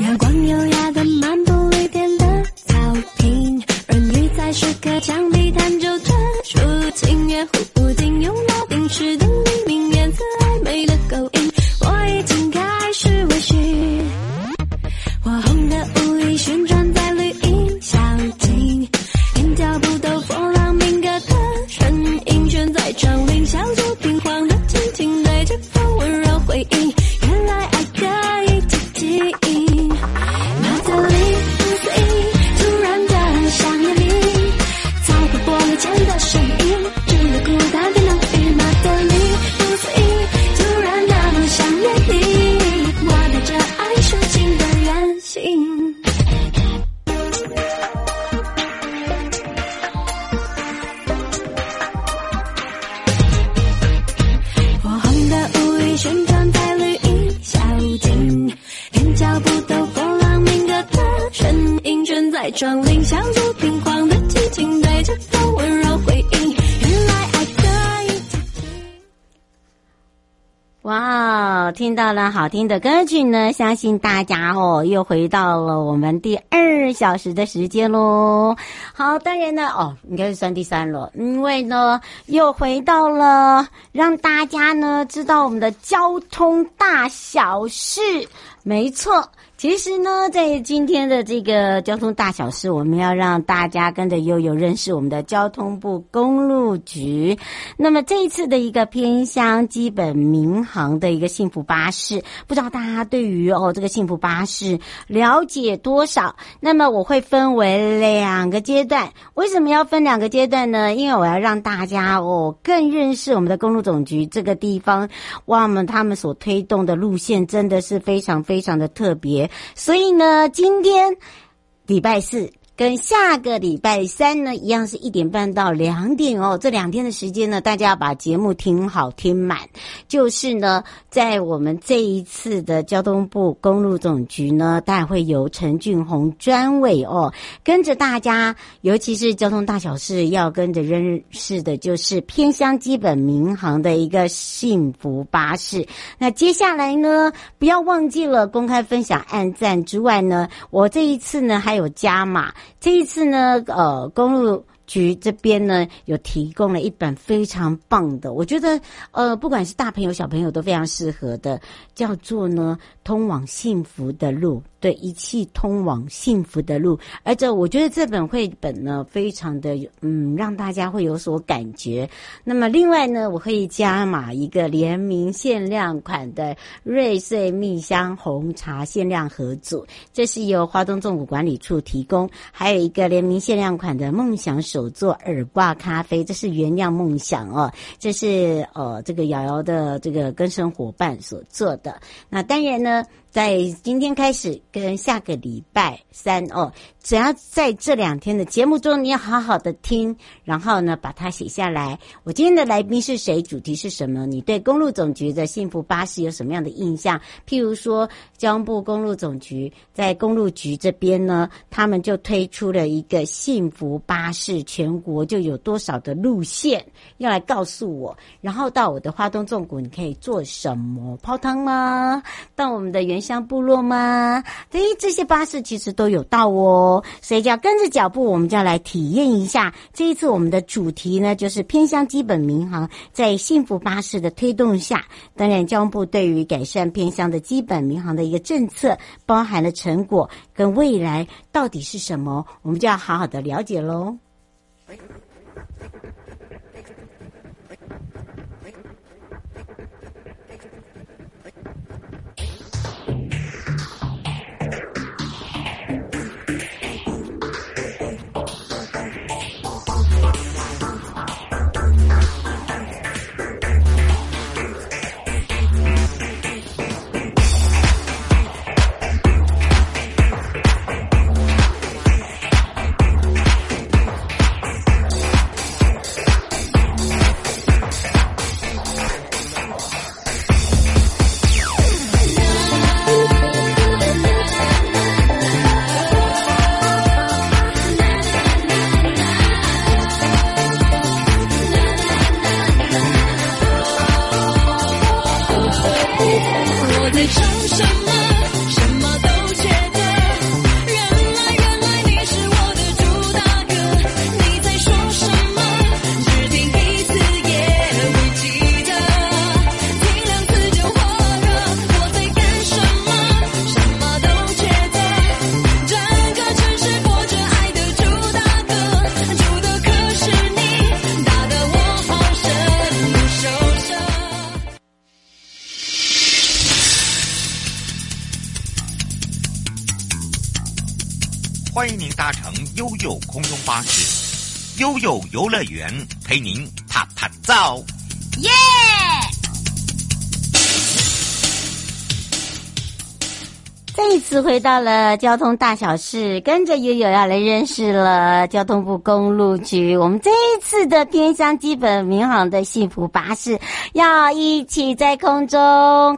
月光悠悠。哇，聽到了好聽的歌曲呢，相信大家哦，又回到了我們第二小時的時間嘍。好，當然呢，哦，應該是算第三了，因為呢，又回到了讓大家呢，知道我們的交通大小事。沒錯。其實呢，在今天的這個交通大小事，我們要讓大家跟着悠悠認識我們的交通部公路局。那麼這一次的一個偏鄉基本民行的一個幸福巴士，不知道大家對於哦這個幸福巴士了解多少？那麼我會分為兩個階段。為什麼要分兩個階段呢？因為我要讓大家哦更認識我們的公路總局這個地方，哇，我們他們所推動的路線真的是非常非常的特別。所以呢，今天禮拜四。跟下個禮拜三呢，一樣，是一點半到兩點哦。這兩天的時間呢，大家要把節目聽好聽滿。就是呢，在我們這一次的交通部公路總局呢，大概會由陳俊宏專委哦，跟着大家，尤其是交通大小事要跟着認識的，就是偏鄉基本民行的一個幸福巴士。那接下來呢，不要忘記了公開分享、按讚之外呢，我這一次呢還有加碼。這一次呢，呃，公路局這邊呢有提供了一本非常棒的，我覺得呃，不管是大朋友小朋友都非常適合的，叫做呢通往幸福的路，對，一起通往幸福的路。而且我覺得這本繪本呢非常的嗯，讓大家會有所感覺。那麼另外呢，我可以加碼一個聯名限量款的瑞穗蜜香紅茶限量盒組，這是由花東縱谷管理處提供，還有一個聯名限量款的夢想手。手做耳掛咖啡，這是原諒夢想哦，這是呃這個瑤瑤的這個更生夥伴所做的。那當然呢。在今天開始跟下個禮拜三哦，只要在這兩天的節目中，你要好好的聽，然後呢，把它寫下來。我今天的來賓是誰？主題是什麼？你對公路總局的幸福巴士有什麼樣的印象？譬如說，交通部公路總局在公路局這邊呢，他們就推出了一個幸福巴士，全國就有多少的路線，要來告訴我。然後到我的花東縱谷，你可以做什麼？泡湯嗎？到我們的原。鄉部落嗎？對，這些巴士其實都有到哦，所以就要跟着腳步，我們就要來體驗一下。這一次我們的主題呢，就是偏鄉基本民行在幸福巴士的推動下，當然，交通部對於改善偏鄉的基本民行的一個政策，包含了成果跟未來到底是什麼，我們就要好好的了解嘍。悠悠空中巴士，悠悠遊樂園陪您踏踏走耶！Yeah! 這一次回到了交通大小事，跟着悠悠要來認識了交通部公路局。 我們這一次的偏鄉基本民行的幸福巴士。要一起在空中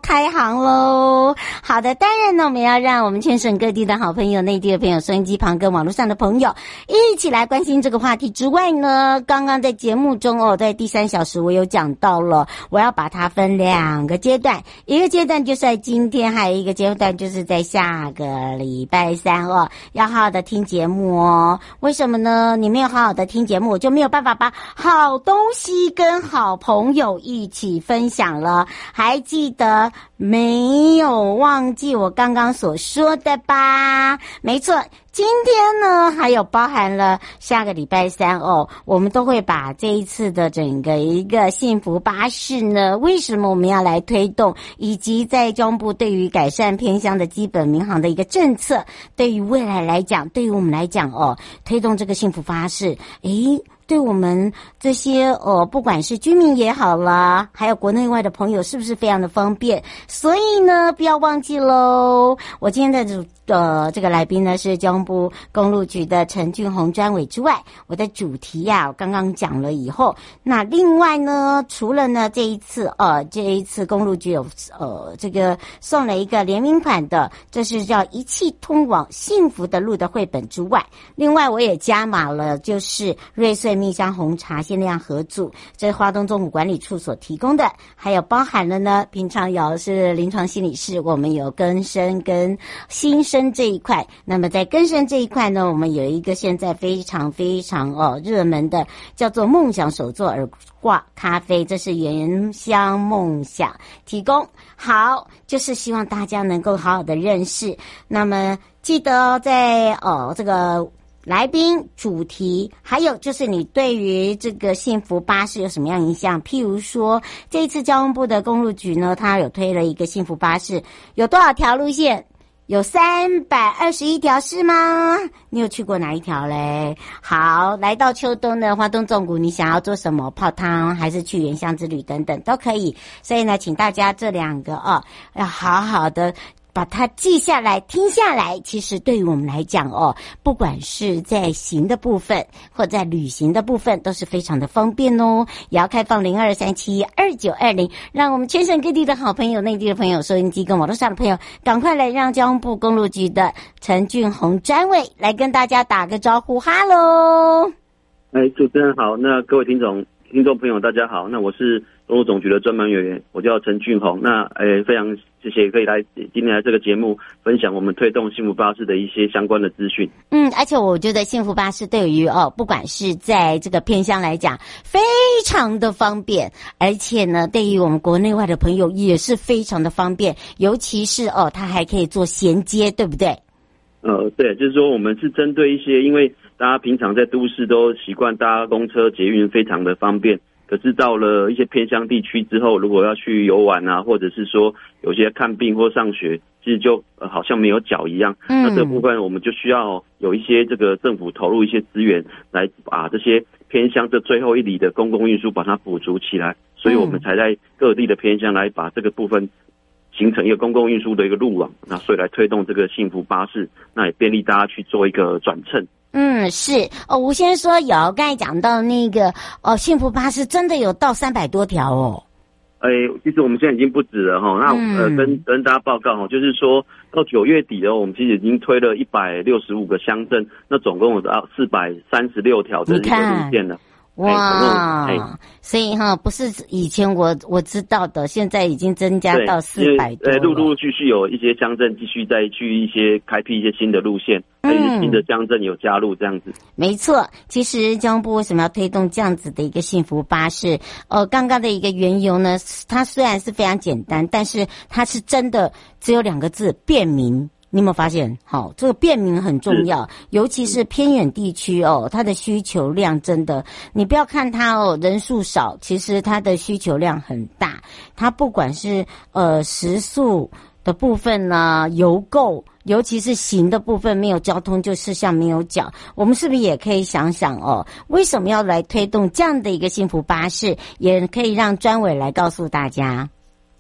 開航嘍！好的，當然呢，我們要讓我們全省各地的好朋友、內地的朋友、收音機旁跟網絡上的朋友一起來關心這個話題。之外呢，剛剛在節目中哦，在第三小時我有講到了，我要把它分兩個階段，一個階段就是在今天，還有一個階段就是在下個禮拜三哦，要好好的聽節目哦。為什麼呢？你沒有好好的聽節目，我就沒有辦法把好東西跟好朋友一起。起分享了，還記得沒有？忘記我剛剛所說的吧？沒錯，今天呢，還有包含了下個禮拜三哦，我們都會把這一次的整個一個幸福巴士呢，為什麼我們要來推動？以及在中部對於改善偏鄉的基本民行的一個政策，對於未來來講，對於我們來講哦，推動這個幸福巴士，誒。對我們這些呃，不管是居民也好啦，還有國內外的朋友，是不是非常的方便？所以呢，不要忘記嘍，我今天在這裡…的、呃、這個來賓呢，是交通部公路局的陳俊宏專委之外，我的主題呀，啊，我剛剛講了以後，那另外呢，除了呢這一次，呃，這一次公路局有呃這個送了一個聯名款的，這是叫《一氣通往幸福的路》的繪本之外，另外我也加碼了，就是瑞穗蜜香紅茶限量合組，這是花東縱谷管理處所提供的，還有包含了呢，平常有是臨床心理師，我們有根生跟心生這一塊，那麼在更生這一塊呢，我們有一個現在非常非常哦熱門的，叫做夢想手作耳掛咖啡，這是原鄉夢想提供。好，就是希望大家能夠好好的認識。那麼記得哦在哦這個來賓主題，還有就是你對於這個幸福巴士有什麼樣印象？譬如說，這一次交通部的公路局呢，它有推了一個幸福巴士，有多少條路線？有三百二十一條是嗎？你有去過哪一條嘞？好，來到秋冬呢，花東縱谷，你想要做什麼？泡湯還是去原鄉之旅等等都可以。所以呢，請大家這兩個啊、哦，要好好的。把它記下來、聽下來，其實對於我們來講哦，不管是在行的部分或在旅行的部分，都是非常的方便哦。也要開放零二三七二九二零，讓我們全省各地的好朋友、內地的朋友、收音機跟網絡上的朋友，趕快來讓交通部公路局的陳俊宏專委來跟大家打個招呼。Hello，哎，主持人好，那各位聽眾。聽眾朋友，大家好，那我是公路總局的專門委員，我叫陳俊宏。那誒、欸，非常謝謝可以來今天來這個節目分享我們推動幸福巴士的一些相關的資訊。嗯，而且我覺得幸福巴士對於哦，不管是在這個偏鄉來講，非常的方便，而且呢，對於我們國內外的朋友也是非常的方便，尤其是哦，它還可以做銜接，對不對？呃，對，就是說我們是針對一些因為。大家平常在都市都習慣搭公車、捷運，非常的方便。可是到了一些偏鄉地區之後，如果要去遊玩啊，或者是說有些看病或上學，其實就好像沒有腳一樣。那這部分我們就需要有一些這個政府投入一些資源來把這些偏鄉的最後一里的公共運輸把它補足起來。所以我們才在各地的偏鄉來把這個部分。形成一個公共運輸的一個路網，那所以來推動這個幸福巴士，那也便利大家去做一個轉乘。嗯，是哦，吳先生說有，剛才講到那個哦，幸福巴士真的有到三百多條哦。哎、欸，其實我們現在已經不止了哈，那呃跟跟大家報告哦，就是說到九月底哦，我們其實已經推了一百六十五個鄉鎮，那總共有到四百三十六條這樣的路線了。哇，所以哈，不是以前我我知道的，現在已經增加到四百多。對，陸陸續續有一些鄉鎮繼續再去一些開闢一些新的路線，嗯，新的鄉鎮有加入這樣子。沒錯，其實交通部為什麼要推動這樣子的一個幸福巴士？呃，剛剛的一個緣由呢，它雖然是非常簡單，但是它是真的只有兩個字：便民。你有沒有發現？好、哦，這個便民很重要，是尤其是偏遠地區哦，它的需求量真的。你不要看它哦，人數少，其實它的需求量很大。它不管是呃食宿的部分呢、啊，遊購，尤其是行的部分，沒有交通就是像沒有腳。我們是不是也可以想想哦，為什麼要來推動這樣的一個幸福巴士？也可以讓專委來告訴大家。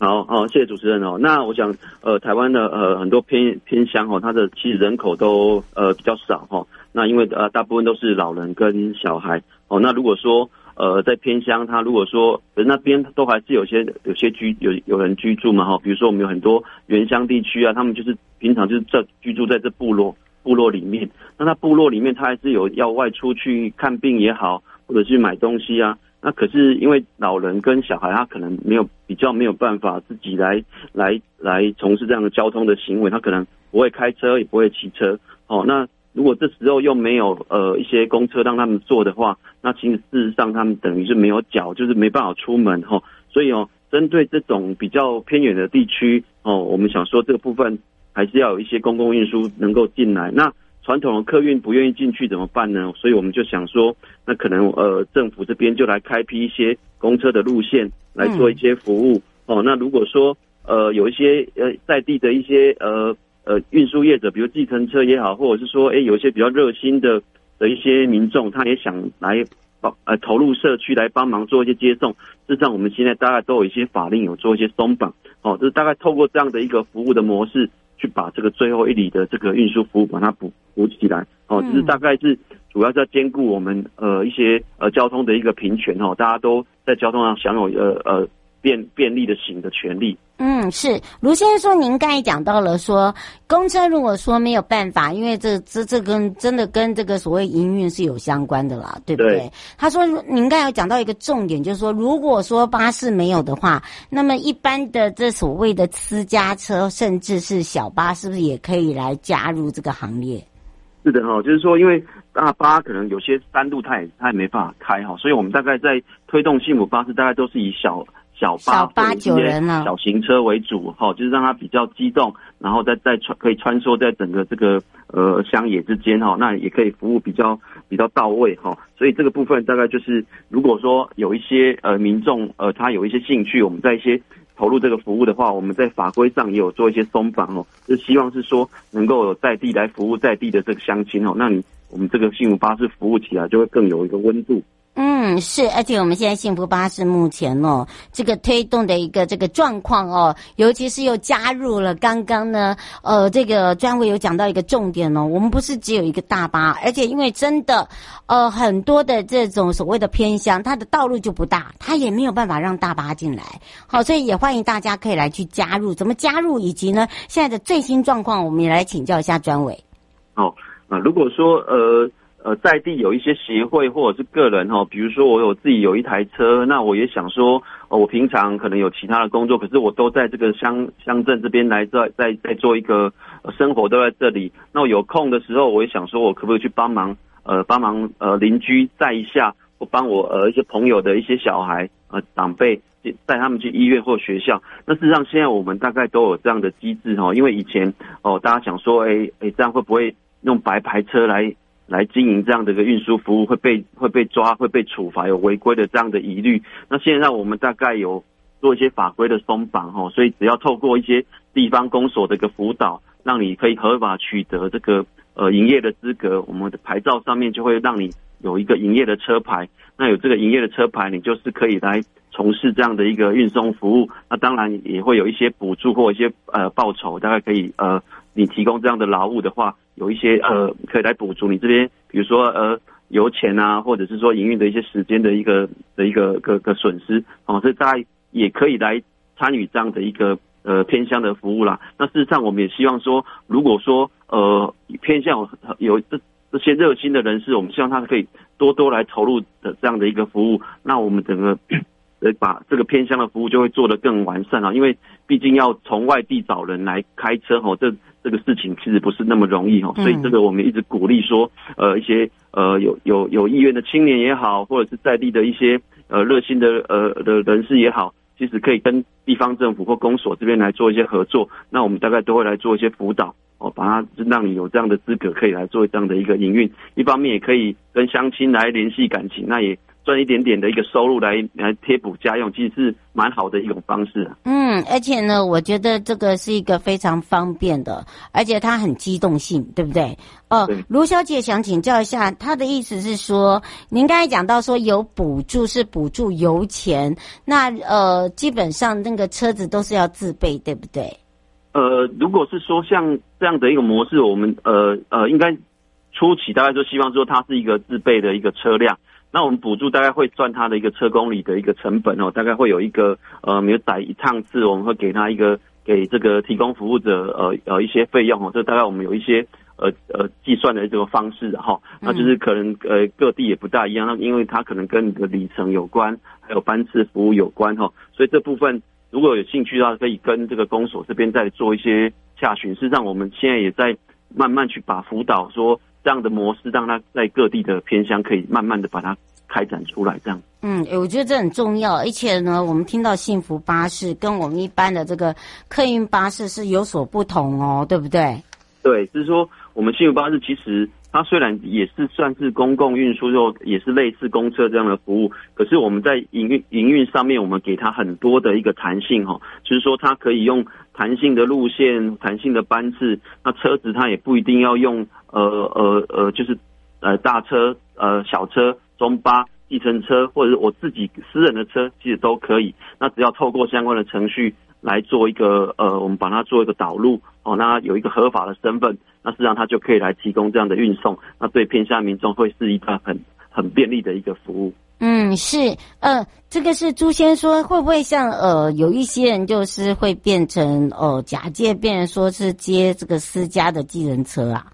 好好，謝謝主持人哦。那我想，呃，台灣的呃很多偏偏鄉哦，它的其實人口都呃比較少哈、哦。那因為呃大部分都是老人跟小孩哦。那如果說呃在偏鄉，他如果說那邊都還是有些有些居有有人居住嘛哈、哦。比如說我們有很多原鄉地區啊，他們就是平常就是在居住在這部落部落裡面。那他部落裡面他還是有要外出去看病也好，或者去買東西啊。那可是因為老人跟小孩，他可能沒有比較沒有辦法自己來來來從事這樣的交通的行為，他可能不會開車也不會騎車，哦，那如果這時候又沒有呃一些公車讓他們坐的話，那其實事實上他們等於是沒有腳，就是沒辦法出門齁、哦，所以哦，針對這種比較偏遠的地區哦，我們想說這個部分還是要有一些公共運輸能夠進來那。傳統的客運不願意進去怎麼辦呢？所以我們就想說，那可能呃政府這邊就來開闢一些公車的路線來做一些服務。嗯、哦，那如果說呃有一些呃在地的一些呃呃運輸業者，比如計程車也好，或者是說誒有一些比較熱心的的一些民眾，他也想來幫呃投入社區來幫忙做一些接送。事實上，我們現在大概都有一些法令有做一些鬆綁。哦，就是大概透過這樣的一個服務的模式。去把這個最後一里的這個運輸服務把它補補起來哦，就、嗯、是大概是主要是要兼顧我們呃一些呃交通的一個平權哦，大家都在交通上享有呃呃。呃便便利的行的權利。嗯，是盧先生說，您剛才講到了說，公車如果說沒有辦法，因為這這這跟真的跟這個所謂營運是有相關的啦，對不對？對，他說，您剛才有講到一個重點，就是說，如果說巴士沒有的話，那麼一般的這所謂的私家車，甚至是小巴，是不是也可以來加入這個行列？是的哈、哦，就是說，因為大巴可能有些單路它也它也沒辦法開哈、哦，所以我們大概在推動幸福巴士，大概都是以小。小八九人呢，對小型車為主哈，就是讓它比較機動，然後再再穿可以穿梭在整個這個呃鄉野之間哈、哦，那也可以服務比較比較到位哈、哦。所以這個部分大概就是，如果說有一些呃民眾呃他有一些興趣，我們在一些投入這個服務的話，我們在法規上也有做一些鬆綁哦，就希望是說能夠有在地來服務在地的這個鄉親哦，那你我們這個幸福巴士服務起來就會更有一個溫度。嗯，是，而且我們現在幸福巴士目前哦，這個推動的一個這個狀況哦，尤其是又加入了剛剛呢，呃，這個專委有講到一個重點哦，我們不是只有一個大巴，而且因為真的，呃，很多的這種所謂的偏鄉，它的道路就不大，它也沒有辦法讓大巴進來，好，所以也歡迎大家可以來去加入，怎麼加入，以及呢，現在的最新狀況，我們也來請教一下專委。哦，啊，呃，如果說呃。呃，在地有一些協會或者是個人哈、哦，比如說我有自己有一台車，那我也想說，哦、呃，我平常可能有其他的工作，可是我都在這個鄉鄉鎮這邊來在在在做一個、呃、生活都在這裡，那我有空的時候，我也想說我可不可以去幫忙，呃，幫忙呃鄰居載一下，或幫我呃一些朋友的一些小孩呃長輩帶他們去醫院或學校。那事實上，現在我們大概都有這樣的機制哈、哦，因為以前哦、呃，大家想說，誒誒這樣會不會用白牌車來？來經營這樣的一個運輸服務會被會被抓會被處罰，有違規的這樣的疑慮。那現在我們大概有做一些法規的鬆綁哈、哦，所以只要透過一些地方公所的一個輔導，讓你可以合法取得這個呃營業的資格，我們的牌照上面就會讓你有一個營業的車牌。那有這個營業的車牌，你就是可以來從事這樣的一個運送服務。那當然也會有一些補助或一些呃報酬，大概可以呃。你提供這樣的勞務的話，有一些呃，可以來補足你這邊，比如說呃，油錢啊，或者是說營運的一些時間的一個的一個個個損失啊，這大家也可以來參與這樣的一個呃偏鄉的服務啦。那事實上，我們也希望說，如果說呃偏向有，有這這些熱心的人士，我們希望他可以多多來投入的這樣的一個服務，那我們整個呃把這個偏鄉的服務就會做得更完善啊，因為畢竟要從外地找人來開車吼、哦，這。這個事情其實不是那麼容易哈、哦，所以這個我們一直鼓勵說，呃，一些呃有有有意願的青年也好，或者是在地的一些呃熱心的呃的人士也好，其實可以跟地方政府或公所這邊來做一些合作。那我們大概都會來做一些輔導哦，把它讓你有這樣的資格可以來做這樣的一個營運，一方面也可以跟鄉親來聯繫感情，那也。賺一點點的一個收入來來貼補家用，其實是蠻好的一種方式，啊。嗯，而且呢，我覺得這個是一個非常方便的，而且它很機動性，對不對？哦，呃，對盧小姐想請教一下，她的意思是說，您剛才講到說有補助是補助油錢，那呃，基本上那個車子都是要自備，對不對？呃，如果是說像這樣的一個模式，我們呃呃，應該初期大家都希望說它是一個自備的一個車輛。那我們補助大概會算他的一個車公里的一個成本哦，大概會有一個呃，每打一趟次我們會給他一個給這個提供服務者呃呃一些費用哦，這大概我們有一些呃呃計算的這個方式哈、哦，那就是可能呃各地也不大一樣，那因為它可能跟你的里程有關，還有班次服務有關哈、哦，所以這部分如果有興趣的話，可以跟這個公所這邊再做一些洽詢，事實上我們現在也在慢慢去把輔導說。這樣的模式，讓它在各地的偏鄉可以慢慢的把它開展出來，這樣嗯。嗯、欸，我覺得這很重要，而且呢，我們聽到幸福巴士跟我們一般的這個客運巴士是有所不同哦，對不對？對，就是說，我們幸福巴士其實。它雖然也是算是公共運輸，又也是類似公車這樣的服務，可是我們在營運營運上面，我們給它很多的一個彈性哈，就是說它可以用彈性的路線、彈性的班次，那車子它也不一定要用呃呃呃，就是呃大車、呃小車、中巴、計程車或者是我自己私人的車，其實都可以，那只要透過相關的程序。來做一個呃，我們把它做一個導入哦，那有一個合法的身份，那事實上它就可以來提供這樣的運送，那對偏鄉民眾會是一個很很便利的一個服務。嗯，是，呃，這個是朱先說，會不會像呃有一些人就是會變成哦、呃、假借變說是接這個私家的計程車啊？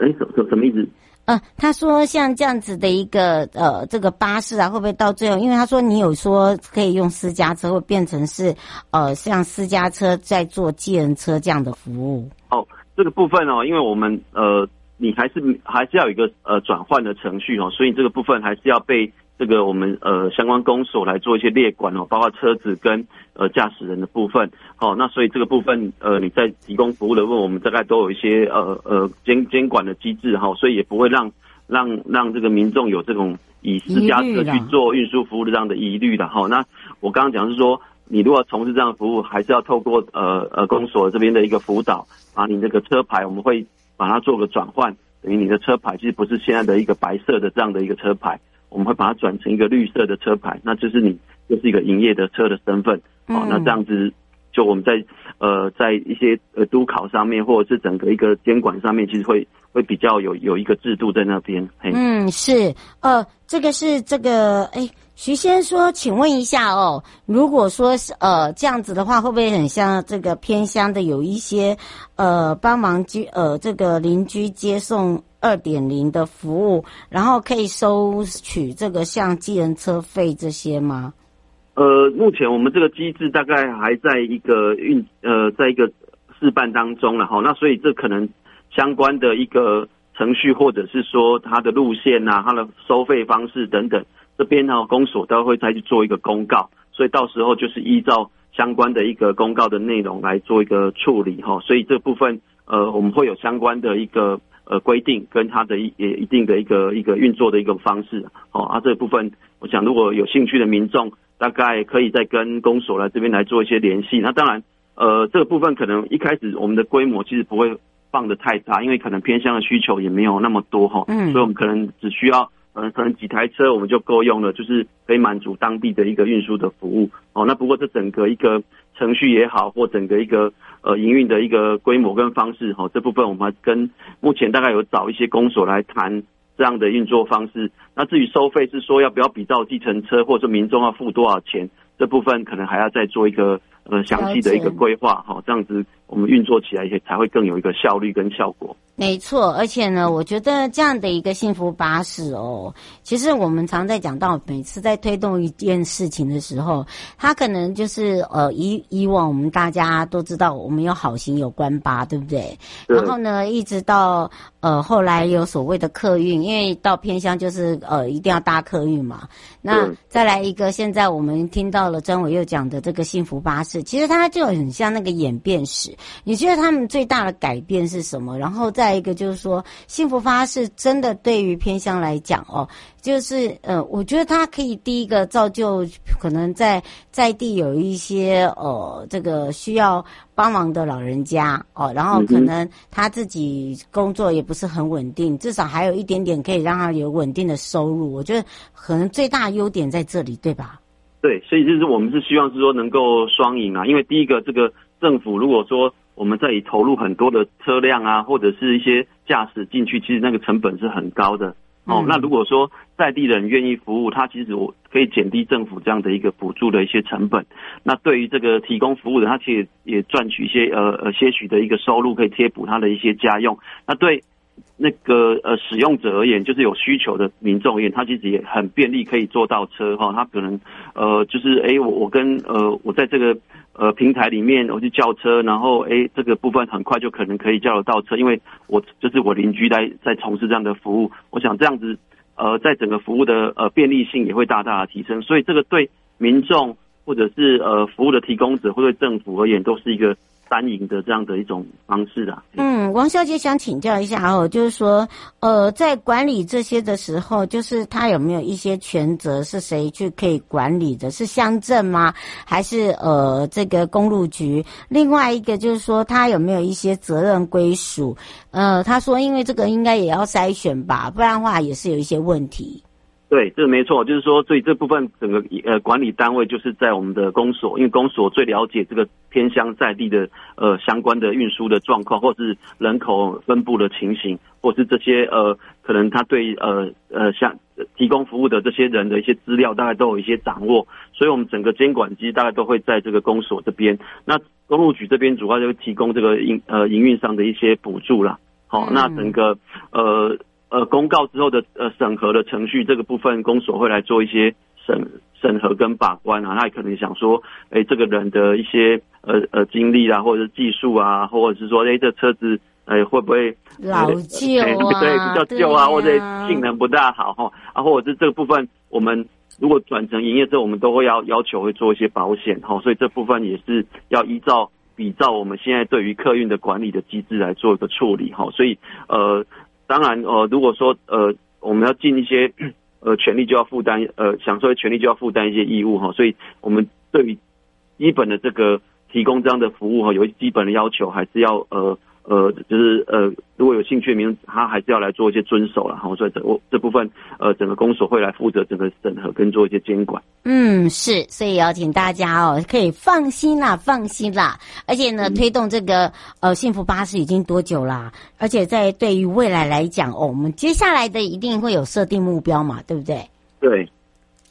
哎、欸，什什麼意思？呃，他說像這樣子的一個呃，這個巴士啊，會不會到最後，因為他說你有說可以用私家車，會變成是呃，像私家車在做計程車這樣的服務？哦，這個部分呢、哦，因為我們呃。你還是還是要有一個呃轉換的程序哦，所以這個部分還是要被這個我們呃相關公所來做一些列管哦，包括車子跟呃駕駛人的部分。好，那所以這個部分呃你在提供服務的問，我們大概都有一些呃呃監監管的機制哈，所以也不會讓讓讓這個民眾有這種以私家車去做運輸服務的這樣的疑慮的哈。那我剛剛講的是說，你如果要從事這樣的服務，還是要透過呃呃公所這邊的一個輔導，把你這個車牌我們會。把它做個轉換，等於你的車牌其實不是現在的一個白色的這樣的一個車牌，我們會把它轉成一個綠色的車牌，那就是你就是一個營業的車的身份好、嗯哦、那這樣子，就我們在呃在一些呃督考上面，或者是整個一個監管上面，其實會會比較有有一個制度在那邊。嘿嗯，是呃，這個是這個哎。欸徐先生說：“請問一下哦，如果說是呃這樣子的話，會不會很像這個偏鄉的有一些呃幫忙接呃這個鄰居接送二點零的服務，然後可以收取這個像計程車費這些嗎？”呃，目前我們這個機制大概還在一個運呃在一個試辦當中了哈，那所以這可能相關的一個程序或者是說它的路線啊、它的收費方式等等。這邊呢、啊，公所都會再去做一個公告，所以到時候就是依照相關的一個公告的內容來做一個處理哈。所以這部分呃，我們會有相關的一個呃規定跟它的一也一定的一個一個運作的一個方式。好、哦，啊，這部分我想如果有興趣的民眾，大概可以再跟公所來這邊來做一些聯繫。那當然，呃，這個部分可能一開始我們的規模其實不會放得太大，因為可能偏鄉的需求也沒有那麼多哈。嗯。所以我們可能只需要。呃，可能幾台車我們就夠用了，就是可以滿足當地的一個運輸的服務哦。那不過這整個一個程序也好，或整個一個呃營運的一個規模跟方式哈、哦，這部分我們還跟目前大概有找一些公所來談這樣的運作方式。那至於收費是說要不要比照計程車，或者民眾要付多少錢，這部分可能還要再做一個。呃，詳細的一個規劃哈，了解 這樣子我們運作起來一些才會更有一個效率跟效果。沒錯，而且呢，我覺得這樣的一個幸福巴士哦，其實我們常在講到，每次在推動一件事情的時候，它可能就是呃，以以往我們大家都知道，我們有好行有關吧，對不對？對然後呢，一直到呃後來有所謂的客運，因為到偏鄉就是呃一定要搭客運嘛。那對 再來一個，現在我們聽到了專偉又講的這個幸福巴士。是，其實他就很像那個演變史。你覺得他們最大的改變是什麼？然後，再一個就是說，幸福巴士真的對於偏鄉來講哦，就是呃，我覺得他可以第一個造就可能在在地有一些呃、哦、這個需要幫忙的老人家哦，然後可能他自己工作也不是很穩定，至少還有一點點可以讓他有穩定的收入。我覺得可能最大優點在這裡，對吧？對，所以就是我們是希望是說能夠雙贏啊，因為第一個這個政府如果說我們這裡投入很多的車輛啊，或者是一些駕駛進去，其實那個成本是很高的。哦，那如果說在地人願意服務，他其實我可以減低政府這樣的一個補助的一些成本。那對於這個提供服務的，他其實也賺取一些，呃，呃些許的一個收入，可以貼補他的一些家用。那對。那個呃，使用者而言，就是有需求的民眾而言，他其實也很便利，可以坐到車哈、哦。他可能呃，就是哎、欸，我我跟呃，我在這個呃平台裡面，我去叫車，然後哎、欸，這個部分很快就可能可以叫得到車，因為我就是我鄰居在在從事這樣的服務。我想這樣子呃，在整個服務的呃便利性也會大大的提升，所以這個對民眾或者是呃服務的提供者，或者政府而言，都是一個。單營的這樣的一種方式的啊。嗯，王小姐想請教一下哦，就是說，呃，在管理這些的時候，就是他有沒有一些權責是誰去可以管理的？是鄉鎮嗎？還是呃，這個公路局？另外一個就是說，他有沒有一些責任歸屬？呃，他說，因為這個應該也要篩選吧，不然的話也是有一些問題。對，這沒錯，就是說，所以這部分整個呃管理單位就是在我們的公所，因為公所最了解這個偏鄉在地的呃相關的運輸的狀況，或是人口分布的情形，或是這些呃可能他對呃呃像提供服務的這些人的一些資料，大概都有一些掌握，所以我們整個監管機大概都會在這個公所這邊。那公路局這邊主要就提供這個營呃營運上的一些補助啦。好，那整個、嗯、呃。呃，公告之後的呃審核的程序這個部分，公所會來做一些審審核跟把關啊，他也可能想說，哎、欸，這個人的一些呃呃經歷啊，或者是技術啊，或者是說，哎、欸，這車子哎、欸、會不會、欸、老舊、啊欸、對，比較舊啊，啊或者是性能不大好哈、啊。或者是這個部分，我們如果轉成營業之後，我們都會要要求會做一些保險哈、啊，所以這部分也是要依照比照我們現在對於客運的管理的機制來做一個處理哈、啊，所以呃。當然，呃，如果說呃，我們要盡一些呃權利，就要負擔；呃，享受的權利就要負擔一些義務哈、哦。所以，我們對於基本的這個提供這樣的服務哈、哦，有一些基本的要求，還是要呃。呃，就是呃，如果有興趣名，他還是要來做一些遵守了哈、哦。所以這我這部分呃，整個公所會來負責整個審核跟做一些監管。嗯，是，所以邀請大家哦，可以放心啦，放心啦。而且呢，嗯、推動這個呃幸福巴士已經多久啦？而且在對於未來來講哦，我們接下來的一定會有設定目標嘛，對不對？對，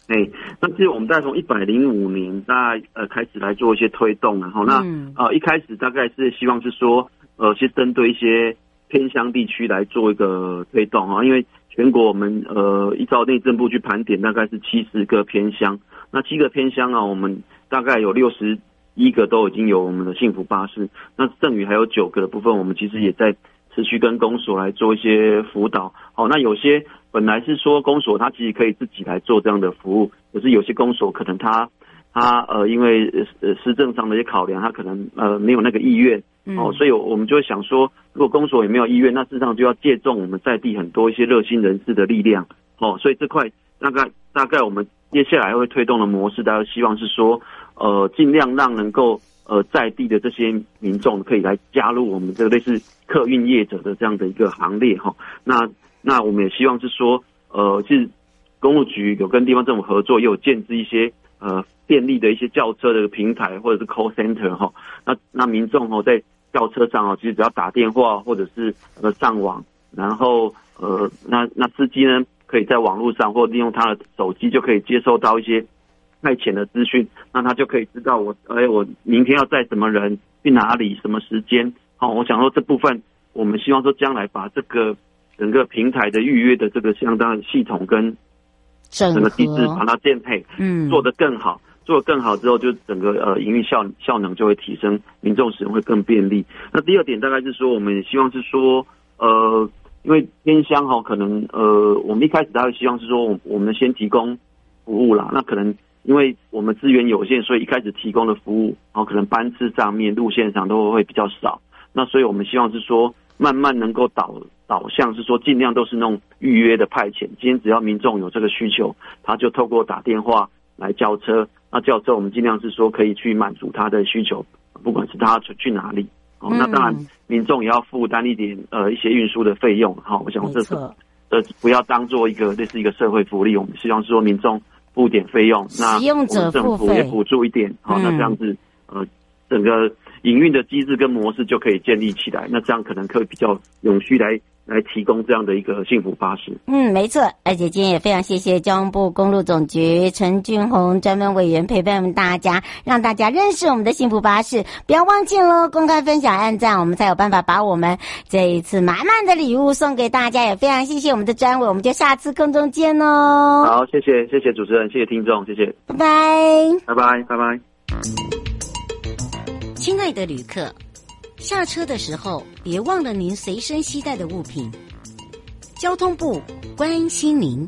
哎、欸，那其實我們大概從一百零五年大概呃開始來做一些推動了哈、哦。那、嗯、呃一開始大概是希望是說。呃，是針對一些偏鄉地區來做一個推動啊，因為全國我們呃依照內政部去盤點，大概是七十個偏鄉。那七個偏鄉啊，我們大概有六十一個都已經有我們的幸福巴士。那剩餘還有九個的部分，我們其實也在持續跟公所來做一些輔導。好，哦，那有些本來是說公所，他其實可以自己來做這樣的服務，可是有些公所可能他他呃，因為施政上的一些考量，他可能呃沒有那個意願。哦，所以我們就會想說，如果公所也沒有意願，那事實上就要借重我們在地很多一些熱心人士的力量。哦，所以這塊大概大概我們接下來會推動的模式，大家希望是說，呃，儘量讓能夠呃在地的這些民眾可以來加入我們這個類似客運業者的這樣的一個行列。哈、哦，那那我們也希望是說，呃，是公路局有跟地方政府合作，也有建置一些呃便利的一些叫車的平台或者是 call center 哈、哦，那那民眾哦在轎車上啊，其實只要打電話或者是呃上網，然後呃那那司機呢，可以在網絡上或利用他的手機就可以接收到一些派遣的資訊，那他就可以知道我哎、欸、我明天要載什麼人去哪裡什麼時間。好、哦，我想說這部分，我們希望說將來把這個整個平台的預約的這個相當的系統跟整個機制把它建配，嗯，做得更好。做更好之後，就整個呃營運效效能就會提升，民眾使用會更便利。那第二點大概是說，我們也希望是說，呃，因為偏鄉哈，可能呃，我們一開始大家希望是說，我們先提供服務啦。那可能因為我們資源有限，所以一開始提供的服務，然後可能班次上面，路線上都會比較少。那所以我們希望是說，慢慢能夠導導向是說，盡量都是那種預約的派遣。今天只要民眾有這個需求，他就透過打電話來叫車。那叫車，我們盡量是說可以去滿足他的需求，不管是他去去哪裡哦。嗯、那當然，民眾也要負擔一點呃一些運輸的費用。好、哦，我想說這是沒錯，呃不要當做一個類似一個社會福利，我們希望說民眾付點費用，用費那我們政府也補助一點。好、嗯哦，那這樣子呃整個營運的機制跟模式就可以建立起來。那這樣可能可以比較永續來。來提供這樣的一個幸福巴士。嗯，沒錯，而且今天也非常謝謝交通部公路總局陳俊宏專門委員陪伴我們大家，讓大家認識我們的幸福巴士。不要忘記嘍，公開分享、按讚，我們才有辦法把我們這一次滿滿的禮物送給大家。也非常謝謝我們的專委，我們就下次空中見嘍。好，謝謝，謝謝主持人，謝謝聽眾，謝謝，拜拜，拜拜，拜拜，拜拜。親愛的旅客，下車的時候，別忘了您隨身攜帶的物品。交通部關心您。